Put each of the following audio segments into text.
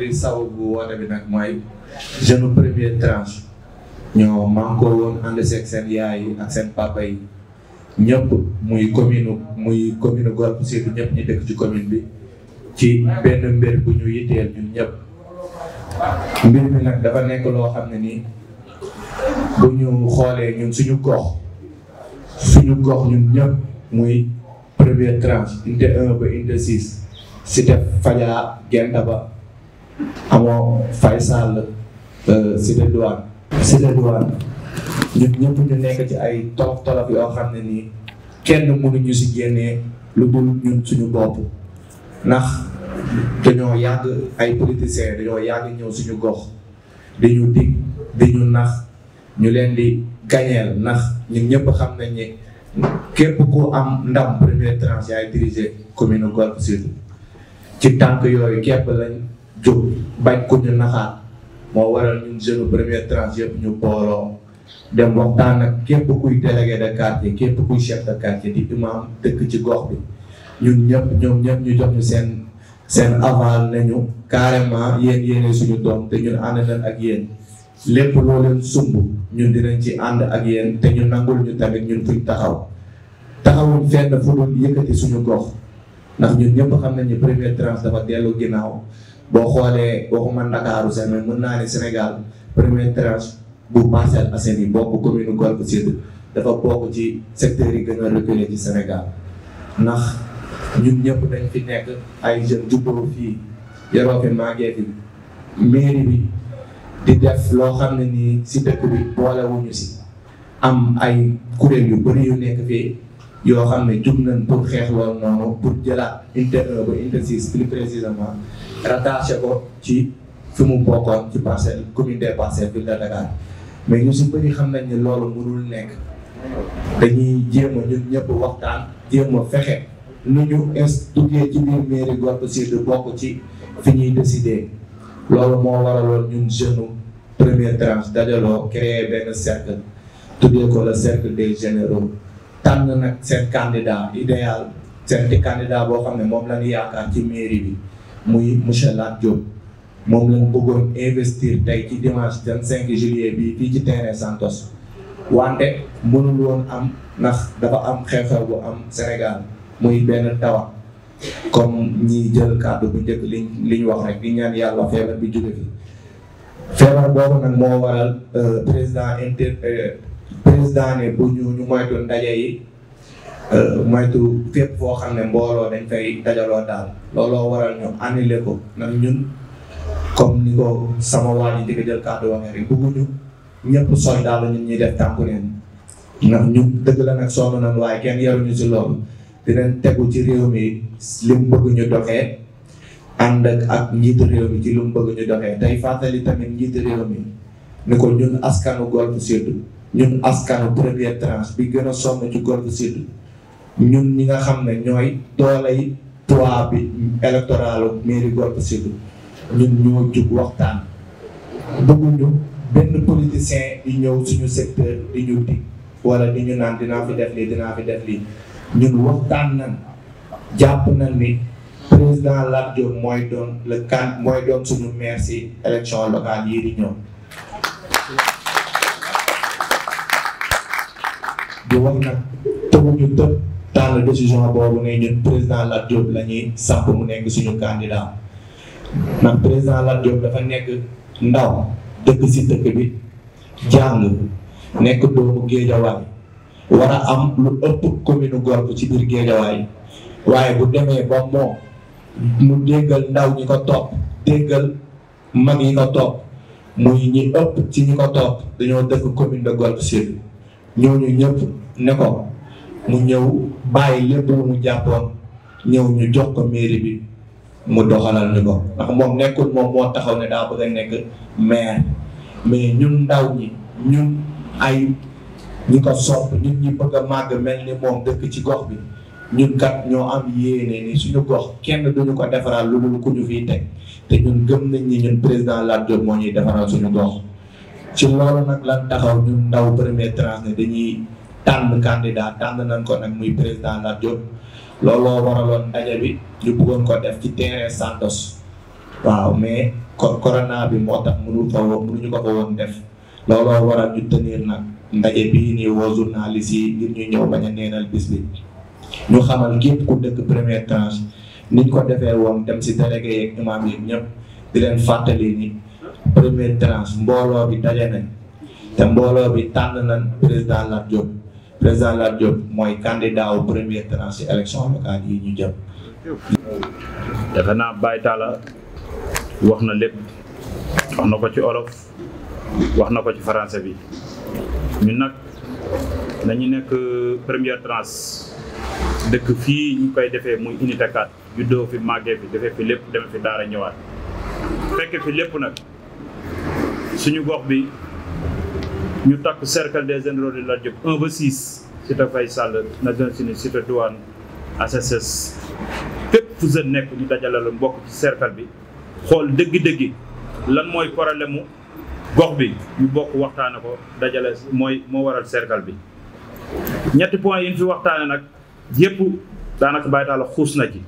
li sababu woote bi nag mooy jeune première tranche ñoo mànkoo woon ànd seeg seen yaay ak seen papa yi ñëpp muy commune muy commune bu Sud ñëpp ñu dëkk ci commune bi ci benn mbir bu ñu yitteel ñun ñëpp mbir mi nag dafa nekk loo xam ne nii bu ñu xoolee ñu suñu gox suñu gox ñun ñëpp muy première tranche unité 1 ba unité 6 cité Fadia Gendaba amoo Faye Sall cité euh, douane cité douane ñun ñëpp ñu nekk ci ay tolof tolof yoo xam ne nii kenn mënuñu si génnee lu dul ñun suñu bopp ndax dañoo yàgg ay politiciens dañoo yàgg ñëw suñu gox di ñu dig di ñu nax ñu leen di gañeel ndax ñu ñëpp xam nañ képp ku am ndam première tranche yaay dirigé commune Golf Sud ci tànk yooyu képp lañ jóg bañ ku ñu naxaat moo waral ñun jeune première tranche yëpp ñu booloo dem waxtaan ak képp kuy délégué de quartier képp kuy chef de quartier di imam dëkk ci gox bi ñun ñëpp ñoom ñëpp ñu jox ñu seen seen aval nañu carrément yéen yéene suñu doom te ñun ànd nañ ak yéen lépp loo leen sumb ñun dinañ ci ànd ak yéen te ñu nangul ñu tamit ñun fuñ taxaw taxawuñ fenn fu dul yëkkati suñu gox ndax ñun ñëpp xam nañu première tranche dafa dellu ginnaaw boo xoolee waxuma Ndakaaru sax mais mën naa ne Sénégal première tranche bu Parcelles Assainies bokk commune Golf Sud dafa bokk ci secteur yi gën a reculé ci Sénégal ndax ñun ñëpp dañ fi nekk ay jeunes jubboo fii yaroo fi màggee fi mairie bi di def loo xam ne nii si dëkk bi boolewuñu si am ay kuréel yu bëri yu nekk fii yoo xam ne jug nañ pour xeex loolu noonu pour jëlaat inter euh, ba inter plus précisément rattaché ko ci fi mu bokkoon ci parcelle commune des parcelles ville de Dakar mais ñu si bëri xam nañ ne loolu mënul nekk dañuy jéem a ñun ñëpp waxtaan jéem a fexe nu ñu ins duggee ci biir mairie Golf Sud bokk ci fi ñuy décider loolu moo waraloon ñun jeune première tranche dajaloo créer benn cercle tuddee ko le cercle des généraux tànn nag seen candidat idéal seen candidat boo xam ne moom la yaakaar ci mairie bi muy monsieur Lat Diop moom lañ bëggoon investir tey ci dimanche vingt cinq juillet bi fii ci terrain Santos wante mënul woon am ndax dafa am xew-xew bu am Sénégal muy benn tawa comme ñi jël kàddu bu njëkk liñ liñ wax rek di ñaan yàlla feebar bi jóge fi feebar boobu nag moo waral euh, président inter euh, président ne bu ñu ñu moytu ndaje yi Euh, moytu fépp foo xam ne mbooloo dañ fay dajaloo daal looloo waral ñu annulé ko ndax ñun comme ni ko sama waa ji di jël kàddu waxee rek bëgguñu ñëpp sol daal ñun ñuy def tànku neen ndax ñu dëgg la nag sonn nañ waaye kenn yaruñu si loolu dinañ tegu ci réew mi li mu bëgg ñu doxee ànd ak njiitu réew mi ci li mu bëgg doxee tey fàttali tamit njiitu réew mi ni ko ñun askanu Golf Sud ñun askanu première tranche bi gën a sonn ci Golf Sud ñun ñi nga xam ne ñooy doolay poids bi électoral mairie Golf Sud ñun ñoo jug waxtaan bëgguñu benn politicien di ñëw suñu secteur di ñu wala di ñu naan dinaa dinaa fi def lii ñun waxtaan nañ jàpp nañ ni président Lat mooy doon le kan mooy doon suñu maire si locale yii di ñëw di wax nag tëbuñu tëb tànn décision boobu ne ñun président Lat Diop la ñuy samp mu nekk suñu candidat ndax président Lat Diop dafa nekk si bi jàng nekk doomu lu ëpp commune ci biir géejawaay waaye bu demee ba moom mu déggal ndaw ñi ko topp déggal mag yi ko toog muy ñi ëpp ci ñi ko topp dañoo dëkk commune de Golf Sud ñooñu ñëpp ne ko mu ñëw bàyyi lépp lu mu jàppoon ñëw ñu jox ko mairie bi mu doxalal ñu ko ndax moom nekkul moom moo taxaw ne daa bëgg nekk maire mais ñun ndaw ñi ñun ay ñu ko sopp nit ñi bëgg a màgg mel ni moom dëkk ci gox bi ñun kat ñoo am yéene ni suñu gox kenn duñu ko defaraat lu dul ku ñu fiy teg te ñun gëm nañ ñi ñun président Lat Diop moo ñuy defaral suñu gox ci loolu nag lan taxaw ñun ndaw première tranche dañuy tànn candidat tànn nañ ko nag muy président Lat Diop looloo waraloon daje bi ñu bëggoon ko def ci terrain Santos waaw mais corona bi moo tax mënu fa woon mënuñu ko fa woon def looloo waral ñu tenir nag ndaje bii nii woo journaliste yi ngir ñu ñëw bañ a neenal bis bi ñu xamal képp ku dëkk première tranche niñ ko defee woon dem si délégué yeeg imaam yi ñëpp di leen fàttali ni première tranche mbooloo bi daje nañ te mbooloo bi tànn nañ président Lat président Lat Diop mooy candidat au premier tranche élection locale yi ñu jëm. defe naa Baye Talla wax na lépp wax na ko ci olof wax na ko ci français bi ñun nag dañu nekk première tranche dëkk fii ñu koy defee muy unité 4 juddoo fi màggee fi defee fi lépp demee fi daara ñëwaat fekk fi lépp nag suñu gox bi ñu takk cercle des généraux de Lat Diop 1 ba 6 Cité Faye Sall Nations Unies Cité Douane ACSS fépp fu jeune nekk ñu dajale la mbokk ci cercle bi xool dëgg-dëgg lan mooy problème mu gox bi ñu bokk waxtaane ko dajale mooy moo waral cercle bi ñetti point yi ñu fi waxtaane nag yépp daanaka bàyyi taala xuus na ci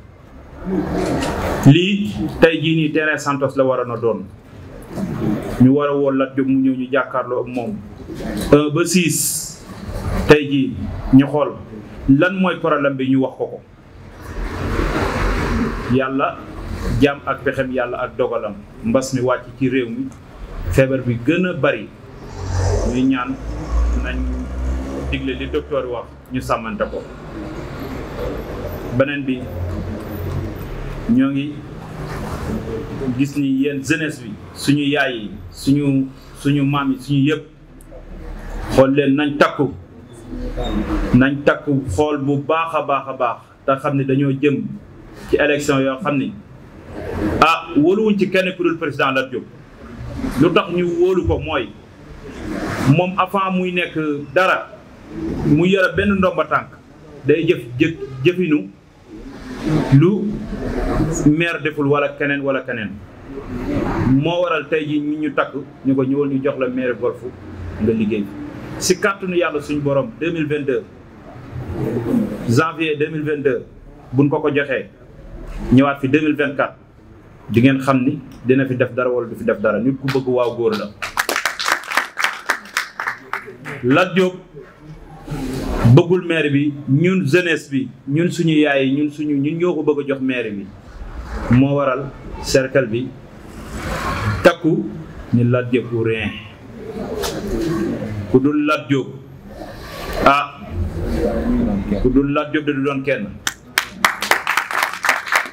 lii tey jii nii terrain Santos la waroon a doon ñu war a woo Lat mu ñëw ñu jàkkaarloo ak moom un euh, ba six tey jii ñu xool lan mooy problème bi ñu wax ko ko yàlla jaam ak pexem yàlla ak dogalam mbas mi wàcc ci réew mi feebar bi gën bari ñuy ñaan nañ digle li docteur wax ñu sàmmante ko beneen bi ñoo ngi gis ni yéen jeunesse bi suñu yaay yi suñu suñu maam yi suñu yëpp xool leen nañ takku nañ takku xool bu baax a baax a baax te xam ne dañoo jëm ci élection yoo xam ni ah wóoluwuñ ci kenn ku dul président Lat Diop lu tax ñu wóolu ko mooy moom avant muy nekk dara mu yore benn ndomba tànk day jëf jëf jëfinu lu maire deful wala keneen wala keneen moo waral tey ji ñi ñu takk ñu ko ñëwal ñu jox la maire golfu nga liggéey si kàttanu yàlla suñu borom 2022 janvier 2022 buñ ko ko joxee ñëwaat fi 2024 di ngeen xam ni dina fi def dara wala du fi def dara nit ku bëgg waaw góor la Lat Diop bëggul maire bi ñun jeunesse bi ñun suñu yaay yi ñun suñu ñun ñoo ko bëgg a jox maire bi moo waral cercle bi takku ni Lat Diop rien ku dul Lat Diop ah ku dul Lat Diop de du doon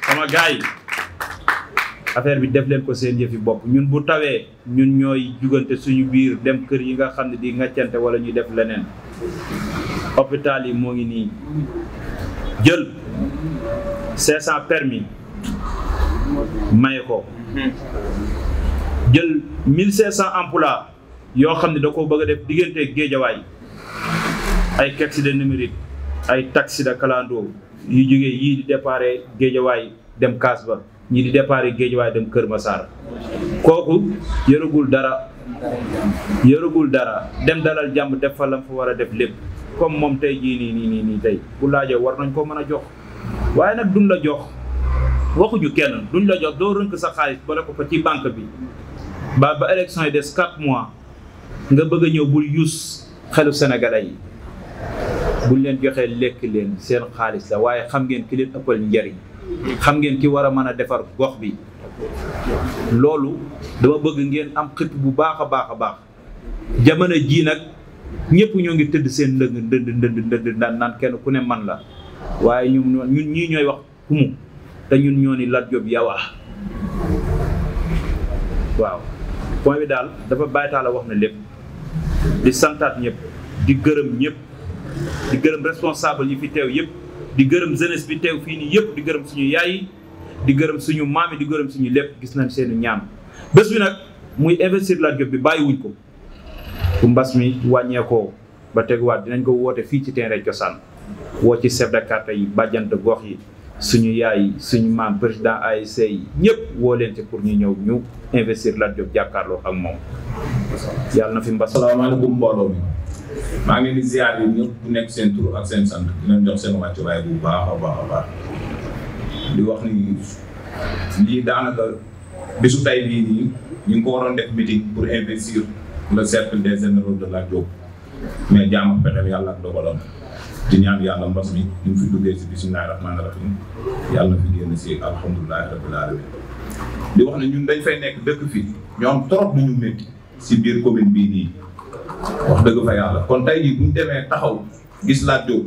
sama gars yi affaire bi def leen ko seen yëfi bopp ñun bu tawee ñun ñooy jugante suñu biir dem kër yi nga xam ne di ngàccante wala ñuy def leneen hôpital yi moo ngi nii jël 500 permis maye ko hmm. jël 1500 emplois yoo xam ne da ko bëgg a def diggante géejawaay ay taxi de numérique ay taxi de kalandoo yu jógee yii di déparé géejawaay dem kaas ba ñii di déparé géejawaay dem Kër Massar kooku yërëgul dara yërëgul dara dem dalal jàmm def fa lam fa war a def lépp comme moom tey jii nii nii nii nii tey bu laajee war nañ koo mën a jox waaye nag duñ la jox waxuñu kenn duñ la jox doo rënk sa xaalis ba ko fa ci banque bi ba ba élection yi des 4 mois nga bëgg ñëw bul yuus xelu sénégalais yi buñ leen joxee lekk leen seen xaalis la waaye xam ngeen ki leen ëppal njariñ xam ngeen ki war a mën a defar gox bi loolu dama bëgg ngeen am xëpp bu baax a baax a baax jamono jii nag ñëpp ñoo ngi tëdd seen ndëng ndënd ndënd ndënd naan naan kenn ku ne man la waaye ñun ñun ñii ñooy wax kumu te ñun ñoo ni Lat Diop yow ah waaw point bi daal dafa bàyyi taala wax na lépp di santaat ñëpp di gërëm ñëpp di gërëm responsable yi fi teew yëpp di gërëm jeunesse bi teew fii nii yëpp di gërëm suñu yaay di gërëm suñu maam yi di gërëm suñu lépp gis nañ seeni ñaan bés bi nag muy investir Lat Diop bi bàyyiwuñ ko bu mbas mi wàññeekoo ba teguwaat dinañ ko woote fii ci terrain cosaan woo ci chef de quartier yi bàjjan gox yi suñu yaay suñu maam président ay yi ñëpp woo leen ci pour ñu ñëw ñu investir Lat Diop jàkkaarloo ak moom yàlla na fi mbas. salaamaaleykum mbooloo mi maa ngi leen di ziar yi ñëpp nekk seen tur ak seen sant di leen jox seen wàccuwaay baax a baax a baax di wax ni lii daanaka bisu tay bii nii ñu ngi ko waroon def meeting pour investir la cercle des généraux de Lat mais jaam ak pexeem yàlla ak dogalam. ci ñaan yàlla mbas mi ñu fi duggee si bisimilah rahmaani rahim yàlla fi génn si alhamdulilah rabbil alamin di wax ne ñun dañ fay nekk dëkk fii ñoo am trop lu ñu métti si biir commune bii nii wax dëgg fa yàlla kon tey jii bu demee taxaw gis laa jóg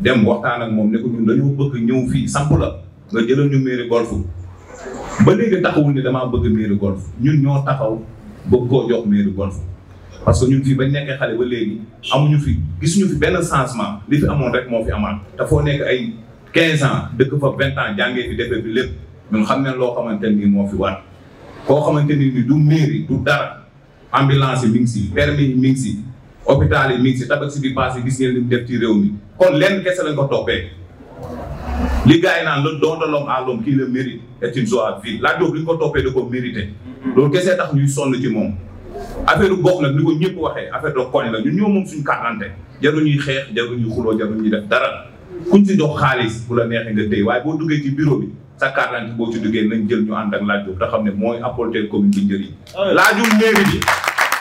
dem waxtaan ak moom ne ko ñun dañoo bëgg ñëw fii samp la nga jëlal ñu mairie golf ba léegi taxawul ni damaa bëgg mairie golf ñun ñoo taxaw bëgg koo jox mairie golf parce que ñun fii bañ nekkee xale ba léegi amuñu fi gisuñu fi benn changement li fi amoon rek moo fi amaan te foo nekk ay 15 ans dëkk fa 20 ans jàngee fi defee fi lépp ñun xam ne loo xamante ni moo fi war koo xamante ni du mairie du dara ambulance yi ngi si permis yi mi ngi si hôpital yi mi ngi si tabax si bi passé gis ngeen li def ci réew mi kon lenn kese lañ ko toppee li gars naan le don de l'homme à l'homme qui le mérite est une joie à vivre mm-hmm. tax ñuy sonn ci moom affaire gox nag ni ko ñëpp waxee affaire de koñ la ñun ñoo moom suñu kàrante jarul ñuy xeex jarul ñuy xuloo jarul ñuy def dara kuñ si jox xaalis bu la neexee nga téye waaye boo duggee ci bureau bi sa kàrante boo ci duggee nañ jël ñu ànd ak laaj boobu te xam ne mooy apporter commune bi njëriñ. Ah laajul mairie bi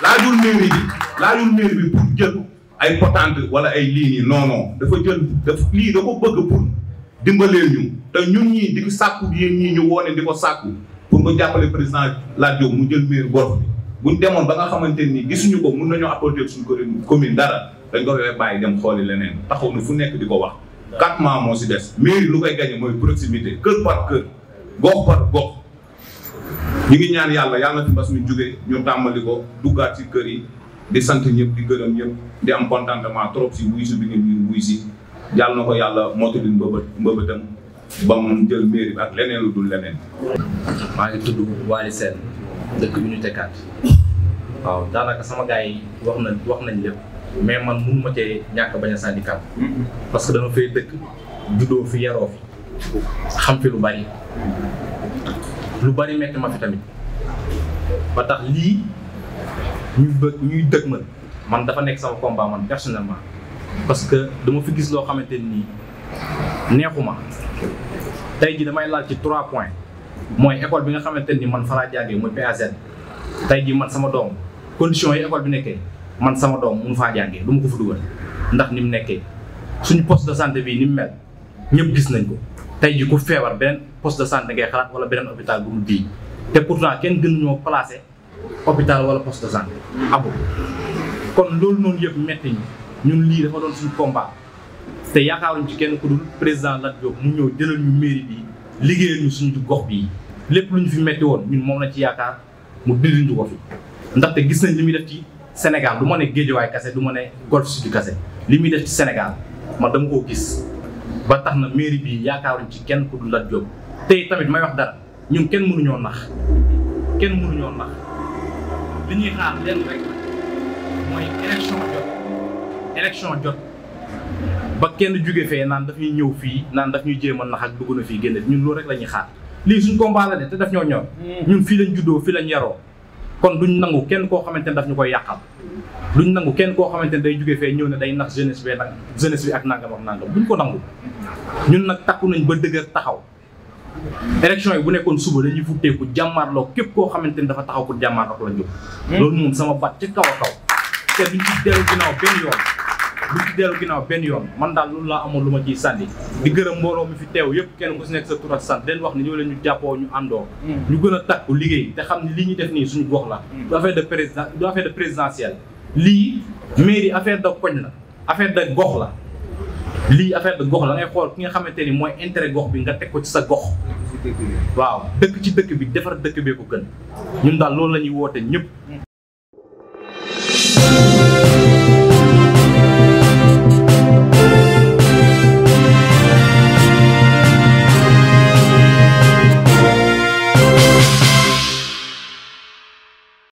laajul mairie bi laajul mairie bi pour ay potente wala ay lignes yi non dafa jël dafa lii da ko bëgg pour dimbaleel ñu te ñu ñii di ko sàkku yéen ñu woone di ko sàkku pour nga jàppale président Lat Diop mu jël maire Ngor. buñ demoon ba nga xamante ni gisuñu ko mun nañoo apporter suñu commune dara dañ ko fee bàyyi dem xooli leneen taxaw na fu nekk di ko wax. quatre mois moo si des mairie lu koy gagné mooy proximité kër par kër gox par gox ñu ngi ñaan yàlla yàlla na fi mbas mi jógee ñu tàmbali ko duggaat ci kër yi di sant ñëpp di gërëm ñëpp di am contentement trop si wuy si bi ngeen ñu wuy si yàlla na ko yàlla mottali mbëbët mbëbëtam ba mu jël mairie bi ak leneen lu dul leneen. ngi tudd Waly Sène dëkk ñu 4 waaw daanaka sama gars yi wax na wax nañ lépp mais man mënu ma cee ñàkk bañ a sànni parce que dama fay dëkk juddoo fi yaroo fi xam fi lu bari lu bari metti ma fi tamit ba tax lii ñuy bëgg ñuy dëgg man man dafa nekk sama combat man personnellement parce que dama fi gis loo xamante nii neexuma tey ji damay laal ci trois points mooy école bi nga xamante ni man fa laa jàngee muy PAZ tey jii man sama doom condition yi école bi nekkee man sama doom mënu faa jàngee du ma ko fa dugal ndax ni mu nekkee suñu poste de sante bii ni mu mel ñëpp gis nañ ko tey ji ku feebar beneen poste de santé ngay xalaat wala beneen hôpital bu mu bii te pourtant kenn gënuñoo placé hôpital wala poste de santé abu kon loolu noonu yëpp metti ñu ñun lii dafa doon suñu combat te yaakaaruñ ci kenn ku dul président ñëw jëlal ñu mairie liggéeyal ñu suñu gox bii lépp lu ñu fi metti woon ñun moom la ci yaakaar mu dindi ñu ko fi ndaxte gis nañ li muy def ci Sénégal du ma ne Géejawaay kase du ma ne Golf Sud kase li muy def ci Sénégal man dama koo gis ba tax na mairie bii yaakaaruñ ci kenn ku dul Lat Diop tey tamit may wax dara ñun kenn mënuñoo nax kenn mënuñoo nax li ñuy xaar leen rek mooy élection jot élection jot ba kenn jóge fee naan daf ñuy ñëw fii naan daf ñuy jéem nax ak dugg na fii génn ñun loolu rek la xaar lii suñ combat la de te daf ñoo ñor hmm. ñun fii lañ juddoo fii lañ yaroo koo xamante ne daf ñu koy yàqal duñ nangu kenn koo xamante ne day jóge fee ñëw ne day nax jeunesse bee nag jeunesse bi ak nangam ak nangam duñ ko nangu ñun nag takku nañ ba dëgër taxaw élection yi bu nekkoon suba dañuy futteeku jàmmaarloo képp koo xamante ni dafa taxaw ko jàmmaarloo la jóg hmm. loolu moom sama bat ci kaw a kaw te duñ ci ginnaaw benn yoon bu ci dellu ginnaaw benn yoon man daal loolu laa amoon lu ma ciy sànni di gërëm mbooloo mi fi teew yépp kenn ku si nekk sa tur ak leen wax ne ñoo leen ñu jàppoo ñu àndoo mm. ñu gën a takku liggéey te xam ne li ñuy def nii suñu gox la mm. du affaire de président du affaire de présidentielle lii mairie affaire de koñ la affaire de gox la lii affaire de gox la ngay xool ki nga xamante ni mooy intérêt gox bi nga teg ko ci sa gox waaw dëkk ci dëkk bi defar dëkk bee ko ñun daal loolu la ñuy woote ñëpp mm.